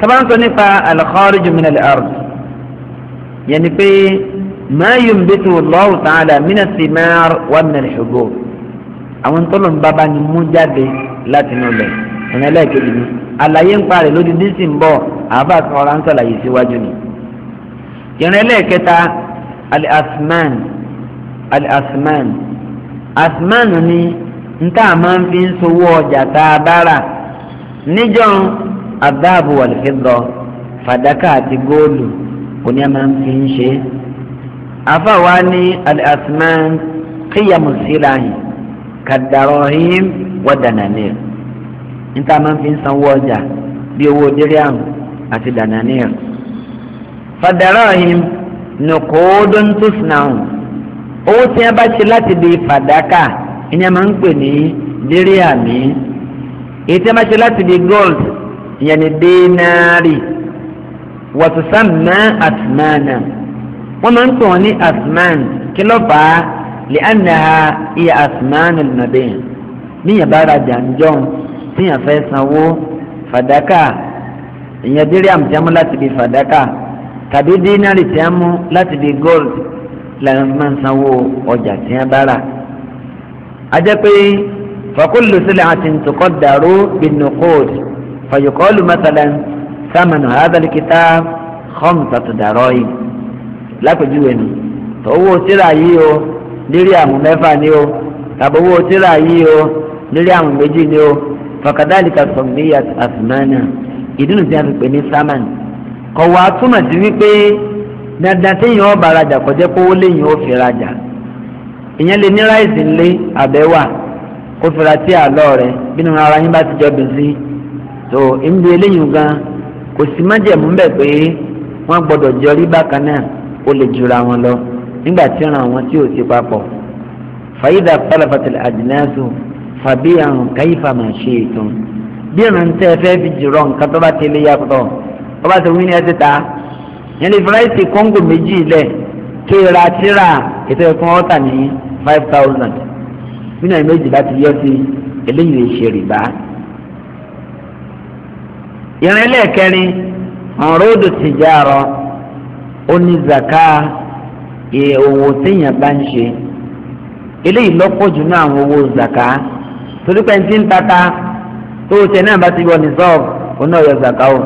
tábà ń sọ nípa al-kharij min al-ard yẹni pé ma yunbitu Allahu ta'ala min ath-thimar wa min al-hubub àwọn tọ́lọ̀ ń bábá ni mú jáde láti inú lẹ̀ ẹ̀yìn ẹlẹ́ẹ̀kejì ni àlàyé ń parẹ̀ lójú dísì ń bọ̀ àbá kan ọ̀rá ń sàlàyé síwájú ni. ìrìn ẹlẹ́ẹ̀kẹta al-asman al-asman asman ni n a máa fi ń sowó tá a bára níjọ́ adáàbò wàlúfẹ́dọ̀ fàdákà àti góòlù òní a máa ń fi ń ṣe. afáwa ní al-asma kíyàmù síláyìn kàdàrọ̀hìn wàdànàníl níta máa ń fi ń sanwó ọjà bí owó díríàmù àti dànàníl. fàdàrọ̀hìn nìkóódún owó tí a bá ṣe láti di fàdákà ìyẹn máa ń pè ní díríàmù èyí tí a bá ṣe láti di gold ìyẹn ni dénárì wàtúsàmà àtìmánà wọn máa ń pè wọn ní àtìmán kí ló fà á lè ànàhà ìyà àtìmánà nàbẹ́yìn níyàn bá ra jàǹjọ́n tíyàn fẹ́ sanwó fàdákà ìyẹn díríàm tí a mú láti di fàdákà tàbí dínárì tí láti di gold làwọn máa ń sanwó ọjà tí bá rà. a jẹ́ pé fàkúlù sílẹ̀ àti ntùkọ́ dàrú bínú kóòdù. فيقال مثلا ثمن هذا الكتاب خمسة دراهم lápèjúwe nù owó tíra yìí o lérí àwọn mẹ́fà ni o tàbí owó tíra yìí o lérí àwọn méjì ni o fàkàdálìkà sọmíyà àtìmánà ìdí nìyí àti pè ní sámán kọ̀wá túmọ̀ sí wípé dandan téèyàn ọba rajà kọjá kówó léèyàn ó fi rajà ìyẹn lè ní ráìsì ńlé àbẹ́wà kó fira tí àlọ́ rẹ bí nínú ara yín bá ti jọ dùn sí i so ìmúdi eléyìí gan kò sí májẹ̀mú bẹ́ẹ̀ pé wọ́n gbọ́dọ̀ jọrí bákan náà ó lè jura wọn lọ nígbà tí ràn wọn tí ò sí papọ̀ fàyídà pàlàfàtàlà àdìnàṣù fàbí káyífà máa ṣe ètò bí ìrìn tẹ́ ẹ fẹ́ fi jùrọ̀ nǹkan tó bá ti lè yàtọ̀ tó bá ti wí ní ẹ ti ta yẹn lè fúráìsì kóńgò méjì lẹ̀ tó ra tíra ètò ẹ̀kún ọ̀tà ní five thousand bí méjì bá ti yọ sí eléyìí lè ṣe rìbá ìrìn ẹlẹ́ẹ̀kẹrin ọ̀rọ̀dù tìjàrọ̀ onízàká òwò téèyàn bá ń ṣe eléyìí lọ́pọ̀ jù náà àwọn owó zàká torí pé ẹni tí ń tata tó o tẹ náà bá ti wọ ní sọ́ọ̀bù ó náà yọ zàká o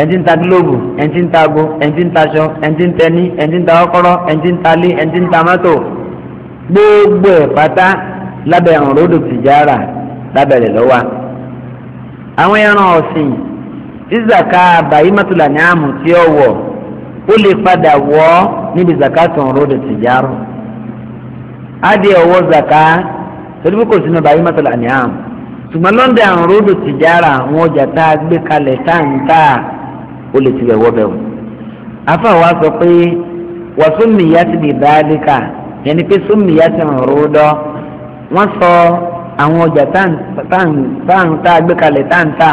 ẹni tí ń ta gílóòbù ẹni tí ń ta ago ẹni tí ń taṣọ ẹni tí ń tẹni ẹni tí ń ta kọ́kọ́rọ́ ẹni tí ń ta lé ẹni tí ń ta mọ́tò gbogbo ẹ̀ pátá lábẹ́ ọ̀rọ̀dù tìjàrà lábẹ́ rẹ̀ lọ́wọ́ àwọn ẹran ọ̀sìn tí zaka bahimatul an'am tí ó wọ̀ ó lè padà wọ̀ níbi zakatun rúdù tìjáàrù adìẹ ọwọ́ zaka torí bí kò sínú bahimatul an'am ṣùgbọ́n lọ́ndà rúdù tìjáàrà àwọn ọjà tá a gbé kalẹ̀ táǹtà ó lè tiwẹ̀ wọ́ bẹ̀rù afáwa sọ pé wàsúmìyàtì bi dhalika yẹni pé súmìyàtì rúdọ̀ wọ́n sọ àwọn ọjà táǹtà gbé kalẹ̀ táǹtà.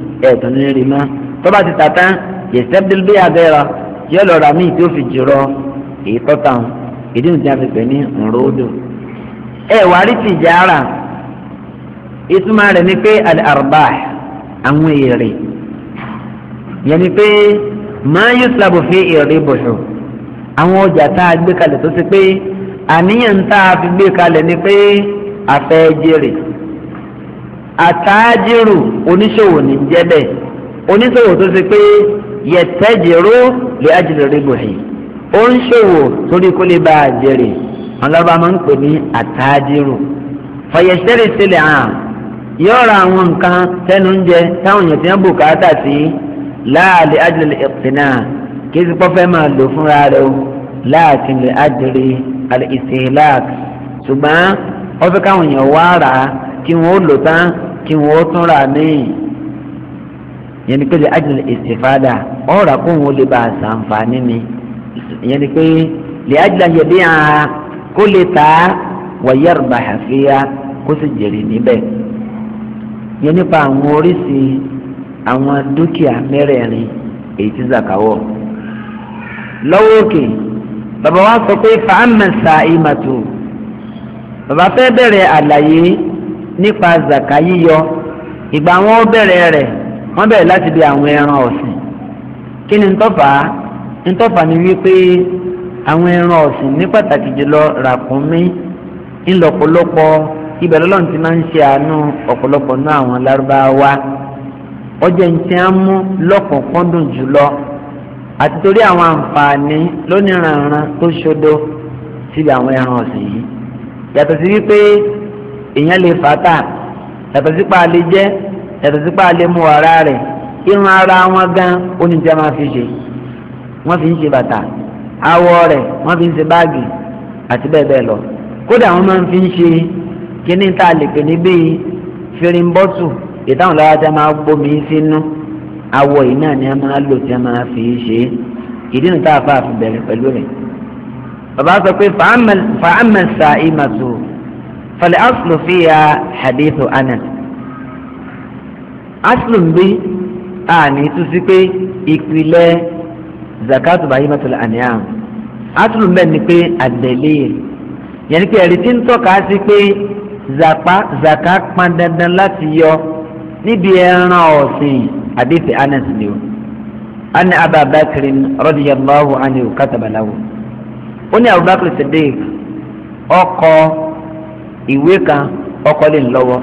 ẹ̀ẹ̀tún ní rí mọ́ tọ́ba ti tà tán yẹ̀sẹ̀bìlì bí abẹ́rọ yóò lọ ra míì tí ó fi jùrọ èyí tọ́ta hàn ìdí nìtí a fi pè ní nròdò. ẹ wà á rí tìjára ìtumọ̀ rẹ̀ ni pé àdàrúbà àwọn èrè yẹn ni pé máa yóò sábò fi èrè bòṣù àwọn ọjà tá a gbé kalẹ̀ tó ṣe pé àníyàn tá a fi gbé kalẹ̀ ni pé a jèrè àtàjìrù oníṣòwò ní jẹ́ bẹ́ẹ̀ oníṣòwò tó ṣe pé yẹtẹ́jìrú lè ájìlè rígbò yìí ó ń ṣòwò torí kó lè bá a jèrè ọlọ́ba máa ń pè ní àtàjìrù fọyẹsẹ́rì sílẹ̀ hàn yóò ra àwọn nǹkan tẹnu ń jẹ táwọn èèyàn ti ń bùkátà sí láàlè ájìlè ìpínà kí sí pọ́fẹ́ máa lò fúnra rẹ̀ o láàkín lè ájìlè àlè ìsìláàkì ṣùgbọ́n wọ́n fẹ́ káwọn èèyàn wá rà kí wọ́n ó lò tán kí wọ́n tún rà níyì yẹn ni pé lè ajìlẹ̀ ìsìfàdà ọ̀rà kó wọn lè ba àṣàǹfààní ni yẹn ni pé lè ajìlẹ̀ yẹ̀dí hàn kó lè ta wàyẹ̀rùbà àfíà kó sì jèrè níbẹ̀ yẹn nípa àwọn oríṣi àwọn dúkìá mẹ́rẹ̀ẹ̀rin èyí tí zakawọ̀ lọ́wọ́ òkè bàbá wa sọ pé fàámẹ̀sà ìmàtò bàbá fẹ́ bẹ̀rẹ̀ àlàyé nípa zaka yíyọ ìgbà wọn bẹ̀rẹ̀ rẹ̀ wọ́n bẹ̀rẹ̀ láti bí àwọn ẹran ọ̀sìn kí ni ntọ́fà ntọ́fà ni wípé àwọn ẹran ọ̀sìn ní pàtàkì jùlọ ràkúnmí ńlọ́pọ̀lọpọ̀ ibẹ̀ lọ́lọ́run ti máa ń ṣe àánú ọ̀pọ̀lọpọ̀ náà àwọn lárúbáwá ọjà ń tí a mú lọ́kùnkúndùn jùlọ àti torí àwọn àǹfààní lóníranran tó ṣodo síbi àwọn ẹran ọ̀sìn yìí yàtọ̀ sí wípé èèyàn lè fàtà yàtọ̀ sípa lè jẹ́ yàtọ̀ sípa lè mú ara rẹ̀ irun ara wọn gan oníjẹ́ máa fi ṣe wọ́n fi ń ṣe bàtà awọ rẹ̀ wọ́n fi ń ṣe báàgì àti bẹ́ẹ̀ bẹ́ẹ̀ lọ kódà wọ́n máa ń fi ń ṣe kíní tá a lè pè ní bíi firimbọ́tù ìtàwọn lọ́wọ́ tí a máa gbómi sínú awọ yìí náà ni a máa lò tí a máa fi ṣe é ìdí nu tá fa àfi bẹ̀rẹ̀ pẹ̀lú rẹ̀ bàbá sọ pé fàámẹ̀sà ìmàtò fal aslu fiya hadithu anas aslu ń bí àní tún sí pé ìpìlẹ̀ zakatu bahimatul aniyam aslu ń bẹ̀ ni pé àdẹ̀lẹ̀ yẹn pé ẹ̀rí tí ń tọ́ka sí pé zaka zaka pọn dandan láti yọ níbi ẹran ọ̀sìn hadithu anas ni o ani ababakar radiyallahu anhu katabalahu ó ní abubakar sadiq ọkọ ìwé kan ọkọ lè lọ́wọ́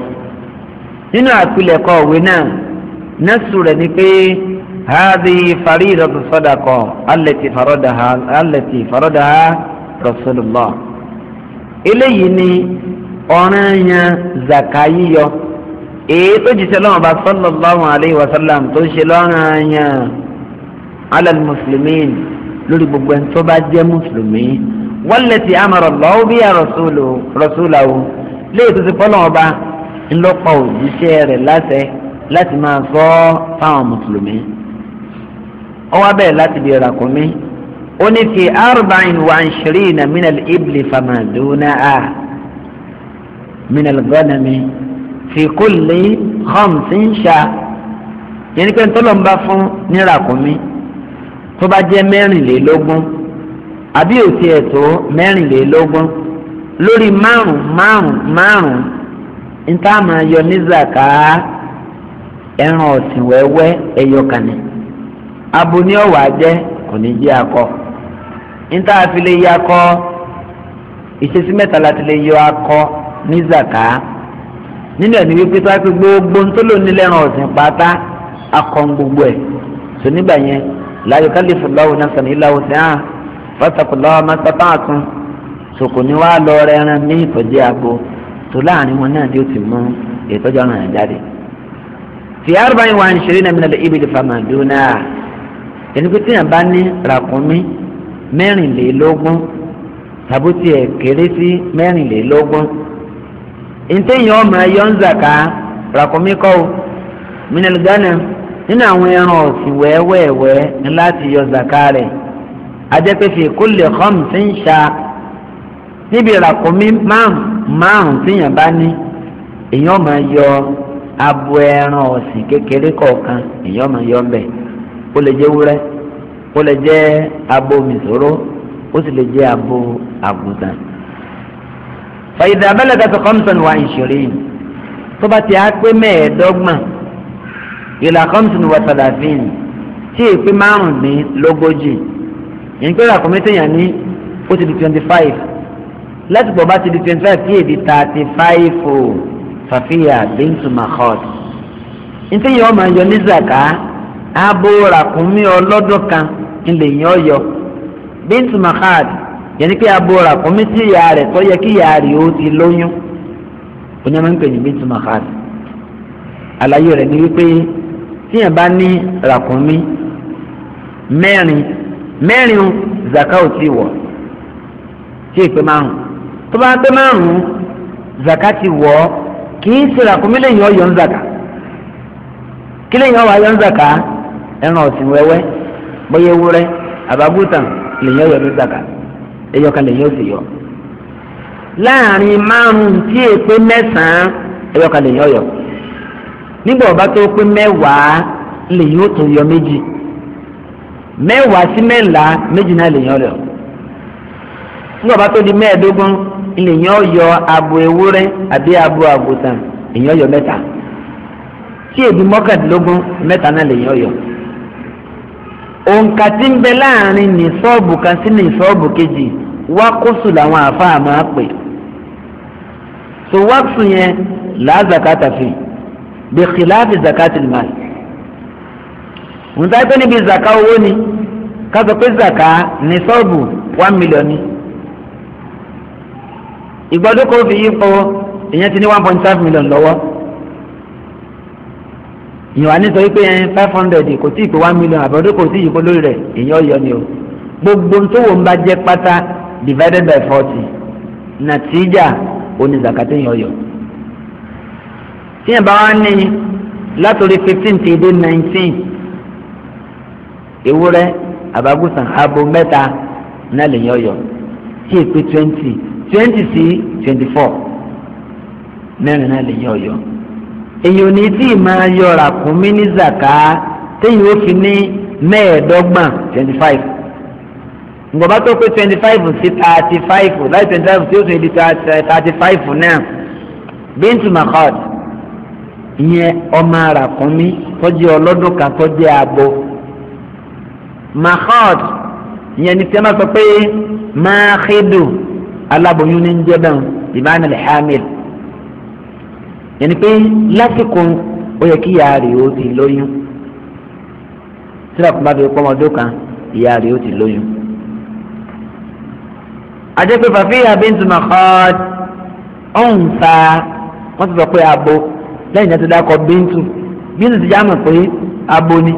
nínú àpilẹ̀kọ òwe náà nẹ́sù rẹ̀ ni pé haadi faridatu sadaqa allati faradaha allati faradaha rasulullah eléyìí ni ọ̀ranyàn zaka yíyọ èyí tó jíṣẹ́ lọ́wọ́ bá sallallahu alayhi wa sallam tó ṣe lọ́ranyàn alal muslimin lórí gbogbo ẹni tó bá jẹ́ mùsùlùmí wallati amara Allahu biha rasulahu léyìí tó ti fọ́lọ́ ọba ńlọ́pọ̀ òjíṣẹ́ rẹ̀ láṣẹ láti máa sọ fáwọn mùsùlùmí ọwọ́ bẹ́ẹ̀ láti di ràkúnmí ó ní fi arba'in wa ishirina minal ibli famaduna a minal ghanami fi kulli khamsin sha yẹn ni pé ntọ́lọ́mbà fún ní ràkúnmí tó bá jẹ́ mẹ́rìnlélógún. àbí òtí ẹ̀tọ́ mẹ́rìnlélógún lórí márùn márùn márùn níta máa yọ ní zaka ẹran ọ̀sìn wẹ́wẹ́ ẹyọ abo ní ọ̀wà jẹ́ kò ní akọ níta fi lè yọ akọ ìṣesí mẹ́ta láti lè yọ akọ ní zaka nínú wípé gbogbo ń tó lò ní ọ̀sìn pátá akọ ń gbogbo ẹ̀ tó nígbà yẹn fọ́tàkùlọ́ mọ́tàpáàtún sòkò ní wàá lọ rẹran ní ìtọ́jú àgbo tó láàrin wọn náà ni ó ti mú ìtọ́jú ọ̀ràn yẹn jáde. fi arbain wa nṣeré náà mílẹ̀ ibi ìdìfà màdúnà ẹni pé tíyàn bá ní ràkúnmí mẹ́rìnlélógún tàbútì ẹ̀ kéré sí mẹ́rìnlélógún ntẹ́yìn ọmọ ẹ̀yọ́ ń zàká ràkúnmí kọ́ o mílẹ̀ gánà nínú àwọn ẹran ọ̀sìn wẹ́wẹ́wẹ́ láti yọ zàká rẹ̀ ajẹ́pẹ́ fi kulli khamsin ṣá níbi ìràkúnmí márùn-ún tíyàn bá ní èèyàn máa yọ abo ẹran ọ̀sìn kékeré kọ̀ọ̀kan èèyàn máa yọ ọbẹ̀ ó lè jẹ́ wúrẹ́ ó lè jẹ́ abo mìsòrò ó sì lè jẹ́ abo àgùntàn. fa idha balagat khamsan wa ishirin tó bá ti á pé mẹ́ẹ̀ẹ́dọ́gbọ̀n ìlà khamsin wa salafin tí èpè márùn-ún ní lógójì yẹn pé ràkúnmí téèyàn ní ó ti di twenty five láti pọ̀ bá ti di twenty five kí èdè thirty five o fàfíà bíntu mahod ntẹ́yìn ọmọ ayọ̀ ní zaka abo ràkúnmí ọlọ́dún kan ńlẹ̀ yẹn ọyọ bíntu mahod yẹn ni pé abo ràkúnmí tí ìyá rẹ̀ tọ́ yẹ kí ìyá rẹ̀ ó ti lóyún onímọ̀ ń pè bíntu mahod àlàyé rẹ̀ ni wípé tíyẹn bá ní ràkúnmí mẹ́rin. mẹ́rin zaka ti wọ̀ tí èpè márùn tó bá pé márùn zaka ti wọ̀ kì í ṣe ràkúnmí lẹ́yìn ọ̀yọ́ ń zaka kí lẹ́yìn ọ̀wọ́ ayọ́ ń zaka ẹran ọ̀sìn wẹ́wẹ́ bóyá ewúrẹ́ àbábútàn lẹ́yìn ọ̀yọ́ ń zaka ẹ̀yọ́ kan lẹ́yìn yọ láàrin márùn tí èpè mẹ́sàn-án ẹ̀yọ́ kan nígbà ọba yọ mẹ́wàá sí mẹ́làá méjì náà lè yàn lọ nígbà bá tó di mẹ́ẹ̀ẹ́dógún lèyàn yọ abo ewúrẹ́ àbí abo àgùntàn lèyàn yọ mẹ́ta tí èbí mọ́kàndínlógún mẹ́ta náà lèyàn yọ òǹkà tí ń bẹ láàrin ní sọ́ọ̀bù kan sí ní sọ́ọ̀bù kejì wákòsù làwọn àáfàá máa pè so wákòsù yẹn làá zakata fi bi khilafi nta pé níbi zaka owó ni ká pé zaka ní sọ́ọ̀bù one million ni ìgbọ́dọ̀ kò fi yípo ìyẹn ti ní one point five million lọ́wọ́ ìyẹn wà nítorí pé five hundred kò tí ì pé one million àbọ̀dọ̀ kò tí ì yípo lórí rẹ̀ ìyẹn ọ̀yọ́ ni o gbogbo ntòwò ń bá jẹ́ pátá divided by forty nàtíjà òní zakati yẹn ọ̀yọ́ tíyẹn bá wà ní látòrí fifteen ti dé nineteen ewúrẹ́ abagusa abo mẹ́ta náà lè yàn ọ̀yọ́ tí è pé twenty twenty sí twenty four mẹ́rin náà lè yàn ọ̀yọ́ èyàn ò ní tí ì máa yọ ràkúnmí ní zaka téyìn ó fi ní mẹ́ẹ̀ẹ́dọ́gbọ̀n twenty five ngbọ̀bá tó pé twenty five sí thirty five láti twenty five tí ó tún di thirty five náà bíntu mahad ìyẹn ọmọ ràkúnmí tọ́jú ọlọ́dún kan tọ́jú abo mahod ìyẹn ni tí a máa sọ pé mahidu aláboyún ní jẹ́bẹ̀ ìbáná alhamil ìyẹn ni pé lásìkò ó yẹ kí ìyá rẹ̀ ó ti lóyún sílẹ̀ kó bá fi pọ́ ọmọdé kan ìyá rẹ̀ ó ti lóyún. àjẹpẹ́ fàfíà bíntu mahod ọ̀hún sa wọ́n ti sọ pé abo lẹ́yìn náà ti dákọ̀ bíntu bíntu ti já mọ̀ pé abo ni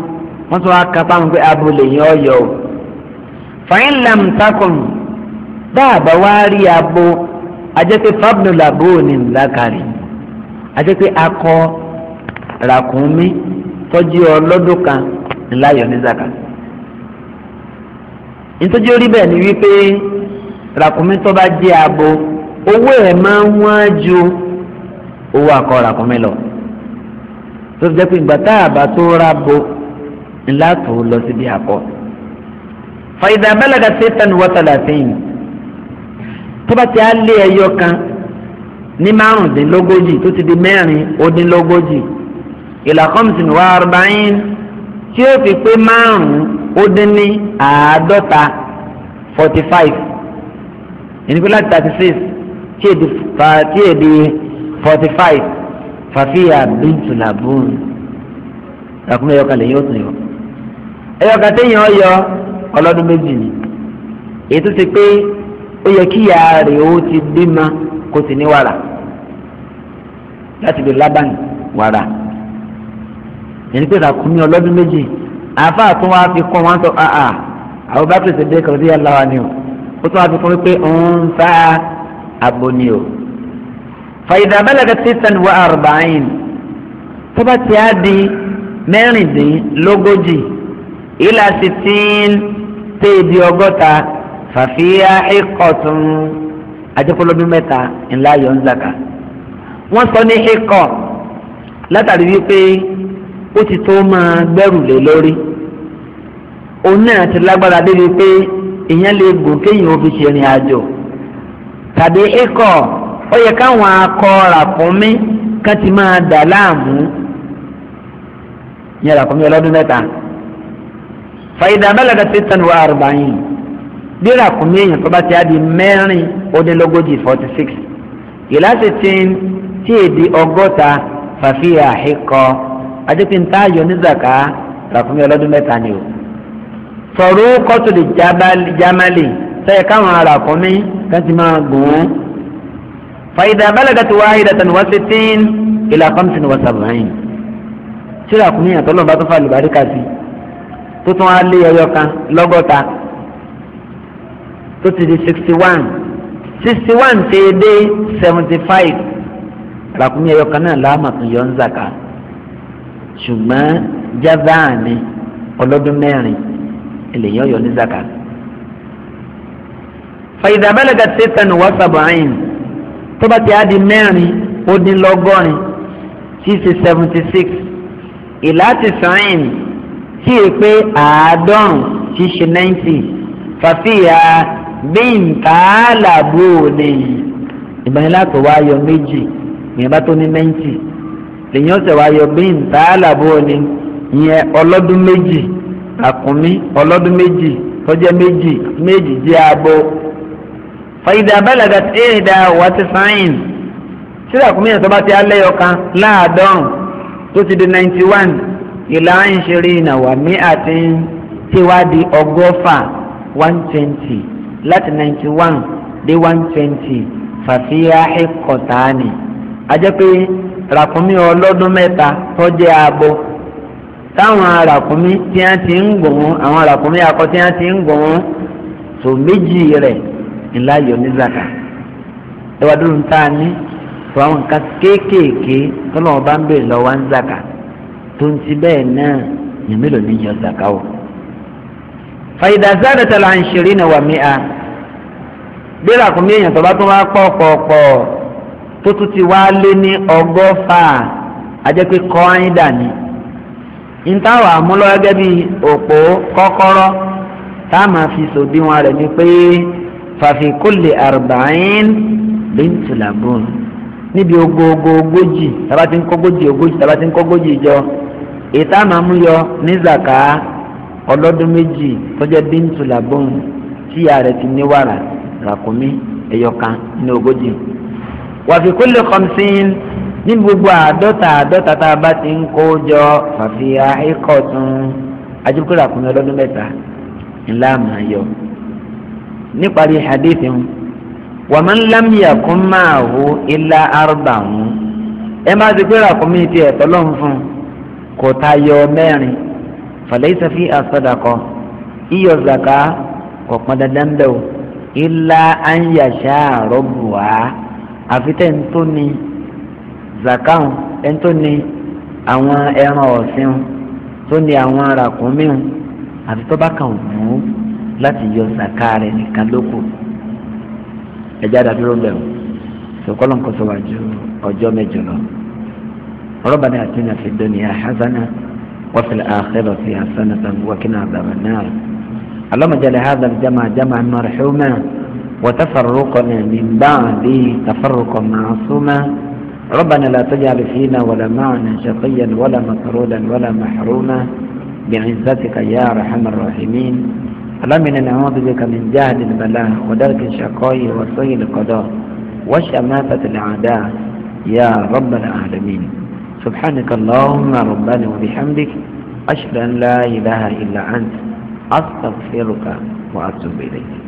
wọ́n tún wá ka fáwọn pé abúlé yẹn ọ̀yọ́ o. fàyín lam takùn báàbá wá rí abo ajẹ́pẹ́ fábùnù làbó ní nìlákàrí ajẹ́pẹ́ akọ ràkúnmí tọ́jú ọlọ́dún kan ńláyọ̀ ní zaka. nítorí orí bẹ́ẹ̀ ni wípé ràkúnmí tó bá jẹ́ abo owó ẹ̀ máa ń wọ́n ju owó akọ ràkúnmí lọ. tó fi jẹ́ pé ìgbà tá a bá tó ra bo ńlá tó lọ síbi àkọ́. fàyidà bẹ́lẹ̀dà sẹ́tàn wọ́tàlá sẹ́yìn tó bá ti á lé ẹyọ kan ní márùndínlógójì tó ti di mẹ́rin ódínlógójì ìlà kọ́mùsìn wà arba'in tí ó fi pé márùn-ún ó dín ní àádọ́ta forty five ẹni thirty six tí èdè forty five fàfíà bíntùlábùn ràkúnmí ẹ̀yọ́kàlẹ̀ yóò tún yọ ẹyọ kan téèyàn yọ ọlọ́dún méjì ni èyí tó ti pé ó yẹ kíyà rẹ̀ ó ti bímọ kó sì ní wàrà láti lè lábàáyìn wàrà yẹn pé ràkúnmí ọlọ́dún méjì àáfà tó wá fi kọ́ wọn sọ àà àwọn bá dé kàwé díẹ̀ ni o ó tún wá fi kún pé òun fa àbò ni o. fàyìdà abẹ́lẹ́dẹ́ títàn wà àrùbáyìn tó bá ti á di mẹ́rìndínlógójì ilà sitin tẹ́ ibi ọgọ́ta fàfíà ìkọ̀tún ajẹ́kọ́lọ́bí mẹ́ta ńlá yọ̀ ń zàkà wọ́n sọ ní ìkọ̀ látàrí wípé ó ti tó máa gbẹ́rù lé lórí òun náà ti lágbára débi pé èèyàn lè gòkè yìí ó fi ṣe ìrìn àjò tàbí ikọ̀ ó yẹ káwọn akọ ràkúnmí kan ti máa dà láàmú yẹn ràkúnmí ọlọ́dún mẹ́ta fàyidà balaga sitan wa arba'in bíra kùnmí èèyàn tó bá ti á di mẹ́rin ó dín lógójì forty six ìlà sixteen tí èdè ọgọ́ta fàfíà àhíkọ́ adépínta ayọ̀ nízàká ràkùnmí ọlọ́dún mẹ́ta ni o. sọ̀rọ̀ kọ́tùlì jámálì sẹ́yìn káwọn arákùnmí kan ti máa gùn ún. fàyidà balaga ti wáyidà tani wá sixteen ìlà khamsin wa sab'in. tí ràkùnmí àtọ́lọ́ba tó fà lùbáríkà sí tó tún á lé ẹyọ kan lọ́gọ́ta tó ti di sixty one sixty one ti dé seventy five ràkúnmí ẹyọ kan náà láàmàtún yọ ń zàkà ṣùgbọ́n jábáàní ọlọ́dún mẹ́rin èlèyàn yọ ní zàkà. fàyìdàbẹ́lẹ́gà tẹ́tẹ̀nù wá sàbàáyìn tó bá ti á di mẹ́rin ó dín lọ́gọ́rin tí seventy six ìlà ti sàn-ín tí è pé àádọ́rùn ti ṣe ninety fàfíà bíntàálàbò ni ìbánilàpò wa yọ méjì ìyẹn bá tó ní ninety lèyìn ọ̀sẹ̀ wa yọ bíntàálàbò ni ìyẹn ọlọ́dún méjì àkùnmí ọlọ́dún méjì tọ́jẹ́ méjì méjì jẹ́ abo fàyídà balagat ẹ̀ẹ́dà wàtí sáyìn tí àkùnmí yẹn tó bá ti alẹ́ yọ kan láàdọ́rùn tó ti di ninety one ìlà ń ṣeré ìnáwó mi àti tiwádìí ọgọ́fà one twenty láti ninety one dé one twenty fàfíà ẹ̀kọ́tàánì. ajẹ́ pé ràkúnmí ọlọ́dún mẹ́ta tọ́jú abo táwọn ràkúnmí tí wọ́n ti ń gbòòrùn àwọn ràkúnmí akọ tí wọ́n ti ń gbòòrùn tó méjì rẹ̀ ńlá yọ ní zaka ẹwà dúró ń tà ní tó àwọn nǹkan kéékèèké tó lọ́wọ́ bá ń bèrè lọ́wọ́ ń zaka tó ń ti bẹ́ẹ̀ náà yẹn mélòó ní yọ zaka o. fàyídà zádà tẹ̀lé à ń ṣeré náà wà mí a bí ràkúnmí èèyàn tó bá tún wá pọ̀ pọ̀ pọ̀ tó tún ti wá lé ní ọgọ́fà ajẹ́ kọ́ ayín dàní. ìtawà múlọ gẹ́gẹ́ bí òpó kọ́kọ́rọ́ tá a máa fi sòdiwọ̀n rẹ̀ ni pé fàfikúlè àrùbáyín bíntùlábùn níbi ogógógójì tàbá ti ogójì tàbá jọ ìta máa mú yọ ní zaka ọlọ́dún méjì tọ́jọ́ bíntùlà bọ́ọ̀n tí ìyá rẹ̀ ti ní wàrà ràkúnmí ẹ̀yọkan ní ogójì. wàfi kulli khamsin ní gbogbo àádọ́ta àádọ́ta tá a bá ti ń kó jọ fàfihà ikọ̀ tún ajibukú ràkúnmí ọlọ́dún mẹ́ta ńlá máa yọ. níparí hadith ń waman lam yakun ma'ahu illa arba'un ẹ máa ti pé ràkúnmí tiẹ̀ tọ́lọ́ fún un kò tayọ mẹ́rin falaysa fi as-sadaqa iyọ̀ zaka kò pọn dandan bẹ́ẹ̀ o illa an yasha rabbuha àfi tẹ́ ń tó ni zaka ń tó ni àwọn ẹran ọ̀sìn tó ni àwọn ràkúnmí àfi tó bá wù ú láti yọ zaka rẹ̀ nìkan lóko ẹ̀já dàdúró bẹ́ẹ̀ o sọ̀kọ́lọ́ ọjọ́ mẹ́jọ lọ. ربنا اتنا في الدنيا حسنه وفي الاخره حسنه وقنا عذاب النار اللهم اجعل هذا الجمع جمعا مرحوما وتفرقنا من بعده تفرقا معصوما ربنا لا تجعل فينا ولا معنا شقيا ولا مطرودا ولا محروما بعزتك يا ارحم الراحمين اللهم انا نعوذ بك من جهل البلاء ودرك الشقاء وسوء القضاء وشماتة الاعداء يا رب العالمين سبحانك اللهم ربنا وبحمدك أشهد أن لا إله إلا أنت أستغفرك وأتوب إليك